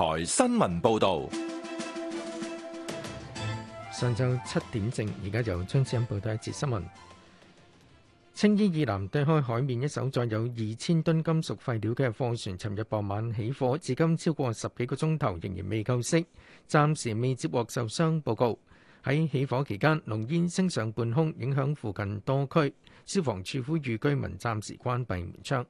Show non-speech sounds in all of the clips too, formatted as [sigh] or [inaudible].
台新聞報導，上晝七點正，而家由張子欣報第一節新聞。青衣以南對開海面一艘載有二千噸金屬廢料嘅貨船，尋日傍晚起火，至今超過十幾個鐘頭仍然未救熄，暫時未接獲受傷報告。喺起火期間，濃煙升上半空，影響附近多區，消防處呼籲居，居民暫時關閉門窗。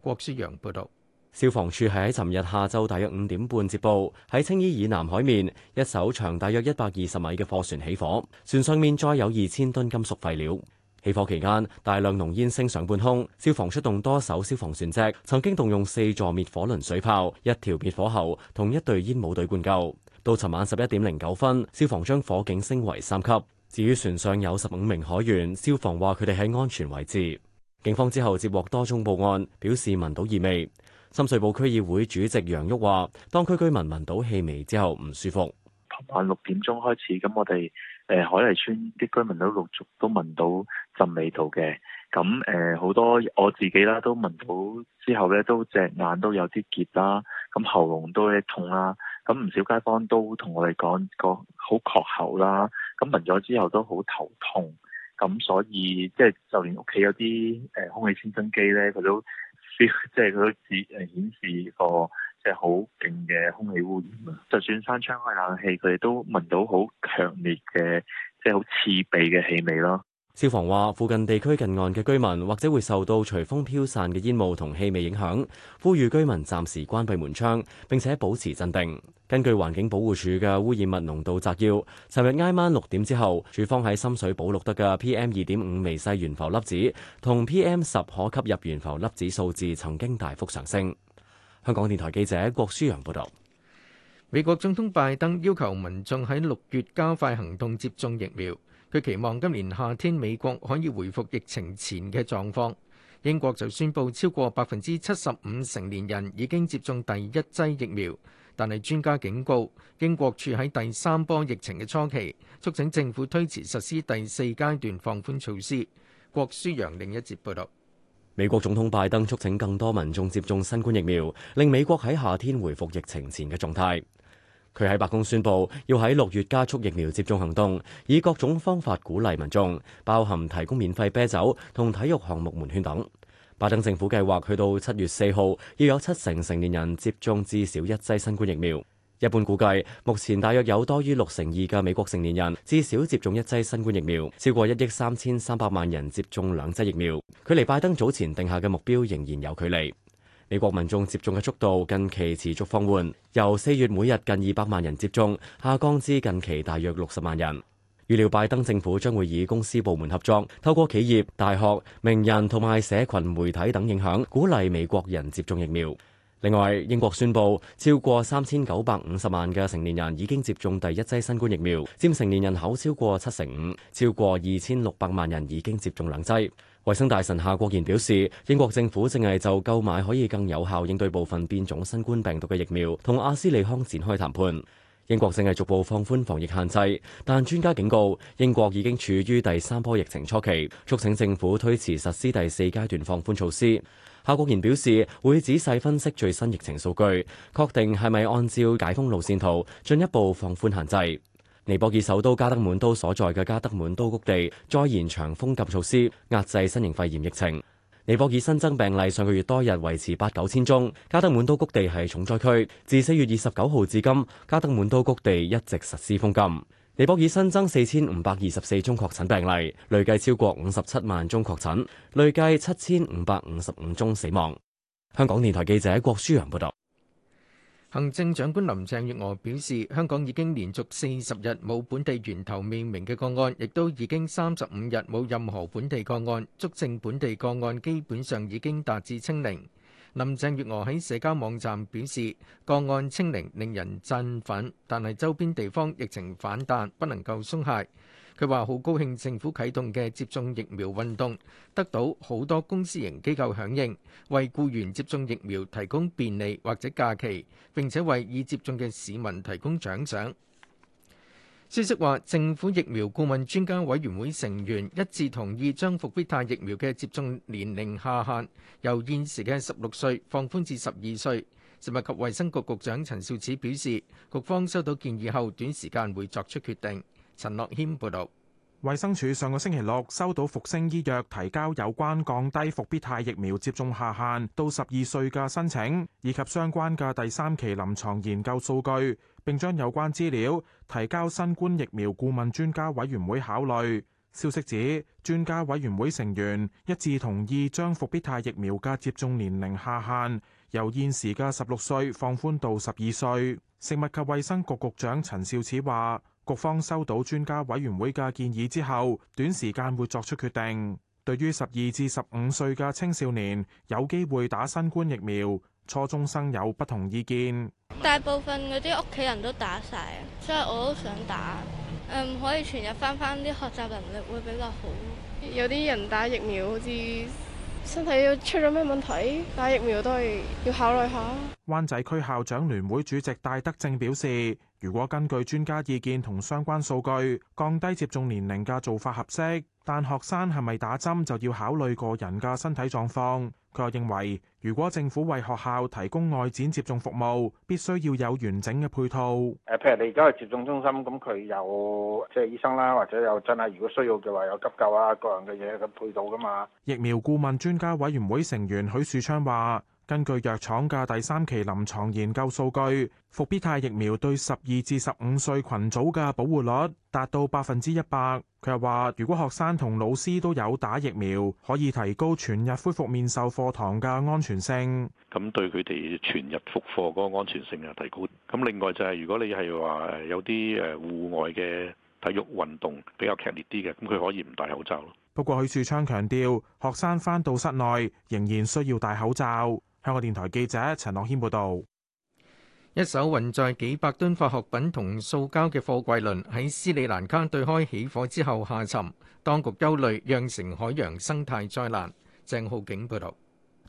郭書陽報導。消防處係喺尋日下晝大約五點半接報，喺青衣以南海面一艘長大約一百二十米嘅貨船起火，船上面載有二千噸金屬廢料。起火期間，大量濃煙升上半空，消防出動多艘消防船隻，曾經動用四座滅火輪水炮，一條滅火喉，同一隊煙帽隊灌救。到尋晚十一點零九分，消防將火警升為三級。至於船上有十五名海員，消防話佢哋喺安全位置。警方之後接獲多宗報案，表示聞到異味。深水埗區議會主席楊旭話：當區居民聞到氣味之後唔舒服。琴晚六點鐘開始，咁我哋誒、呃、海麗村啲居民都陸續都聞到陣味道嘅，咁誒好多我自己啦都聞到之後咧，都隻眼都有啲澀啦，咁喉嚨都有啲痛啦，咁唔少街坊都同我哋講講好咳喉啦，咁聞咗之後都好頭痛，咁所以即係、就是、就連屋企有啲誒空氣清新機咧，佢都。 [noise] 即係佢都只係顯示個即係好勁嘅空氣污染， [noise] 就算閂窗開冷氣，佢哋都聞到好強烈嘅即係好刺鼻嘅氣味咯。消防話，附近地區近岸嘅居民或者會受到隨風飄散嘅煙霧同氣味影響，呼籲居民暫時關閉門窗，並且保持鎮定。根據環境保護署嘅污染物濃度摘要，尋日挨晚六點之後，處方喺深水埗錄得嘅 P M 二點五微細懸浮粒子同 P M 十可吸入懸浮粒子數字曾經大幅上升。香港電台記者郭舒揚報道。美國總統拜登要求民眾喺六月加快行動接種疫苗。佢期望今年夏天美國可以回復疫情前嘅狀況。英國就宣布超過百分之七十五成年人已經接種第一劑疫苗，但係專家警告英國處喺第三波疫情嘅初期，促請政府推遲實施第四階段放寬措施。郭舒揚另一節報導，美國總統拜登促請更多民眾接種新冠疫苗，令美國喺夏天回復疫情前嘅狀態。佢喺白宮宣布，要喺六月加速疫苗接種行動，以各種方法鼓勵民眾，包含提供免費啤酒同體育項目門券等。拜登政府計劃去到七月四號，要有七成成年人接種至少一劑新冠疫苗。一般估計，目前大約有多於六成二嘅美國成年人至少接種一劑新冠疫苗，超過一億三千三百萬人接種兩劑疫苗。距離拜登早前定下嘅目標仍然有距離。美國民眾接種嘅速度近期持續放緩，由四月每日近二百萬人接種，下降至近期大約六十萬人。預料拜登政府將會以公司部門合作，透過企業、大學、名人同埋社群媒體等影響，鼓勵美國人接種疫苗。另外，英國宣布超過三千九百五十萬嘅成年人已經接種第一劑新冠疫苗，佔成年人口超過七成五，超過二千六百萬人已經接種兩劑。衛生大臣夏國賢表示，英國政府正係就購買可以更有效應對部分變種新冠病毒嘅疫苗，同阿斯利康展開談判。英國正係逐步放寬防疫限制，但專家警告，英國已經處於第三波疫情初期，促請政府推遲實施第四階段放寬措施。夏國賢表示，會仔細分析最新疫情數據，確定係咪按照解封路綫圖進一步放寬限制。尼泊爾首都加德滿都所在嘅加德滿都谷地再延長封禁措施，壓制新型肺炎疫情。尼泊爾新增病例上個月多日維持八九千宗，加德滿都谷地係重災區。自四月二十九號至今，加德滿都谷地一直實施封禁。尼泊爾新增四千五百二十四宗確診病例，累計超過五十七萬宗確診，累計七千五百五十五宗死亡。香港電台記者郭舒陽報道。行政長官林鄭月娥表示，香港已經連續四十日冇本地源頭未明嘅個案，亦都已經三十五日冇任何本地個案，足證本地個案基本上已經達至清零。林鄭月娥喺社交網站表示，個案清零令人振奮，但係周邊地方疫情反彈，不能夠鬆懈。佢話：好高興政府啟動嘅接種疫苗運動得到好多公司型機構響應，為僱員接種疫苗提供便利或者假期，並且為已接種嘅市民提供獎賞。消息話，政府疫苗顧問專家委員會成員一致同意將復必泰疫苗嘅接種年齡下限由現時嘅十六歲放寬至十二歲。食物及衛生局局長陳肇始表示，局方收到建議後，短時間會作出決定。陳樂謙報道，衛生署上個星期六收到復星醫藥提交有關降低復必泰疫苗接種下限到十二歲嘅申請，以及相關嘅第三期臨牀研究數據，並將有關資料提交新冠疫苗顧問專家委員會考慮。消息指，專家委員會成員一致同意將復必泰疫苗嘅接種年齡下限由現時嘅十六歲放寬到十二歲。食物及衛生局局長陳肇始話。局方收到專家委員會嘅建議之後，短時間會作出決定。對於十二至十五歲嘅青少年，有機會打新冠疫苗，初中生有不同意見。大部分嗰啲屋企人都打晒，所以我都想打。誒、嗯，可以全日翻翻啲學習能力會比較好。有啲人打疫苗好似身體要出咗咩問題，打疫苗都係要考慮下。灣仔區校長聯會主席戴德正表示。如果根據專家意見同相關數據降低接種年齡嘅做法合適，但學生係咪打針就要考慮個人嘅身體狀況。佢又認為，如果政府為學校提供外展接種服務，必須要有完整嘅配套。誒，譬如你而家係接種中心，咁佢有即係、就是、醫生啦，或者有針啊，如果需要嘅話有急救啊，各樣嘅嘢咁配套噶嘛。疫苗顧問專家委員會成員許樹昌話。根據藥廠嘅第三期臨床研究數據，復必泰疫苗對十二至十五歲群組嘅保護率達到百分之一百。佢又話，如果學生同老師都有打疫苗，可以提高全日恢復面授課堂嘅安全性。咁對佢哋全日復課嗰個安全性啊提高。咁另外就係、是、如果你係話有啲誒戶外嘅體育運動比較劇烈啲嘅，咁佢可以唔戴口罩咯。不過許樹昌強調，學生返到室內仍然需要戴口罩。香港電台記者陳樂謙報道。一艘運載幾百噸化學品同塑膠嘅貨櫃輪喺斯里蘭卡對開起火之後下沉，當局憂慮釀成海洋生態災難。鄭浩景報道。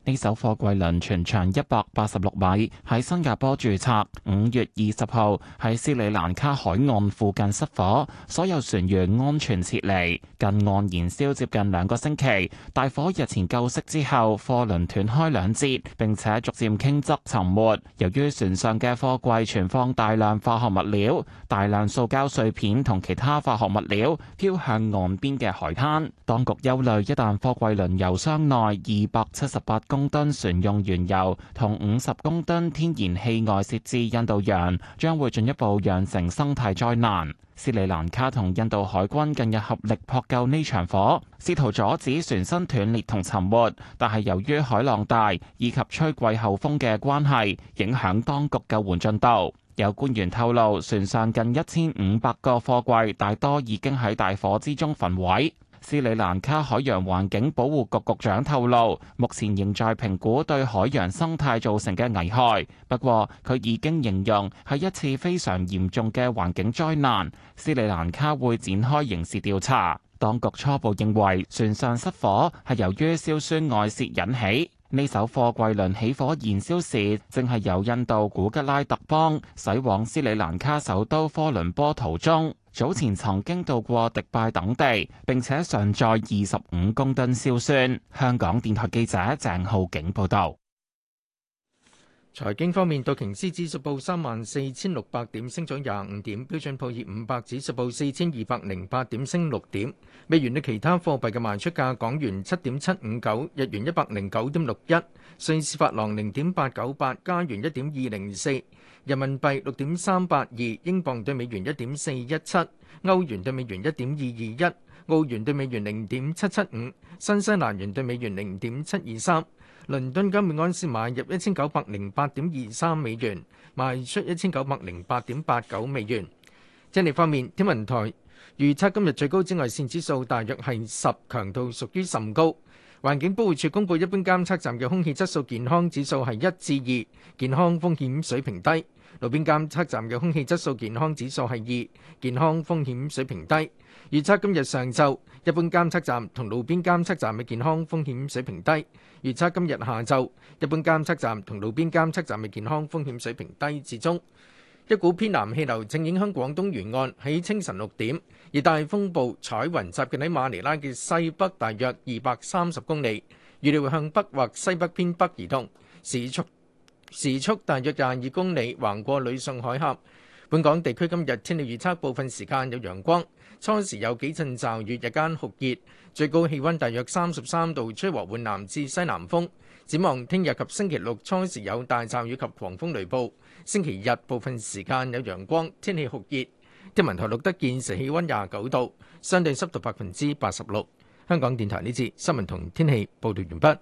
呢艘貨櫃輪全長一百八十六米，喺新加坡註冊。五月二十號喺斯里蘭卡海岸附近失火，所有船員安全撤離。近岸燃燒接近兩個星期，大火日前救熄之後，貨輪斷開兩節，並且逐漸傾側沉沒。由於船上嘅貨櫃存放大量化學物料，大量塑膠碎片同其他化學物料飄向岸邊嘅海灘。當局憂慮，一旦貨櫃輪油箱內二百七十八公公噸船用原油同五十公噸天然氣外泄至印度洋，將會進一步釀成生態災難。斯里蘭卡同印度海軍近日合力撲救呢場火，試圖阻止船身斷裂同沉沒，但係由於海浪大以及吹季候風嘅關係，影響當局救援進度。有官員透露，船上近一千五百個貨櫃，大多已經喺大火之中焚毀。斯里蘭卡海洋環境保護局局長透露，目前仍在評估對海洋生態造成嘅危害。不過，佢已經形容係一次非常嚴重嘅環境災難。斯里蘭卡會展開刑事調查，當局初步認為船上失火係由於硝酸外泄引起。呢艘貨櫃輪起火燃燒時，正係由印度古吉拉特邦駛往斯里蘭卡首都科倫坡途中。早前曾經到過迪拜等地，並且上載二十五公噸硝酸。香港電台記者鄭浩景報導。財經方面，道瓊斯指數報三萬四千六百點，升咗廿五點；標準普爾五百指數報四千二百零八點，升六點。美元嘅其他貨幣嘅賣出價：港元七點七五九，日元一百零九點六一，瑞士法郎零點八九八，加元一點二零二四。人民幣六點三八二，英鎊對美元一點四一七，歐元對美元一點二二一，澳元對美元零點七七五，新西蘭元對美元零點七二三。倫敦金每盎司買入一千九百零八點二三美元，賣出一千九百零八點八九美元。精力方面，天文台預測今日最高紫外線指數大約係十，強度屬於甚高。環境保護署公布，一般監測站嘅空氣質素健康指數係一至二，健康風險水平低；路邊監測站嘅空氣質素健康指數係二，健康風險水平低。預測今日上晝，一般監測站同路邊監測站嘅健康風險水平低；預測今日下晝，一般監測站同路邊監測站嘅健康風險水平低至中。一股偏南氣流正影響廣東沿岸，喺清晨六點，熱帶風暴彩雲集結喺馬尼拉嘅西北大約二百三十公里，預料向北或西北偏北移動，時速時速大約廿二公里，橫過呂宋海峽。本港地區今日天氣預測，部分時間有陽光。初時有幾陣驟雨，日間酷熱，最高氣溫大約三十三度，吹和緩南至西南風。展望聽日及星期六初時有大驟雨及狂風雷暴，星期日部分時間有陽光，天氣酷熱。天文台錄得現時氣溫廿九度，相對濕度百分之八十六。香港電台呢次新聞同天氣報道完畢。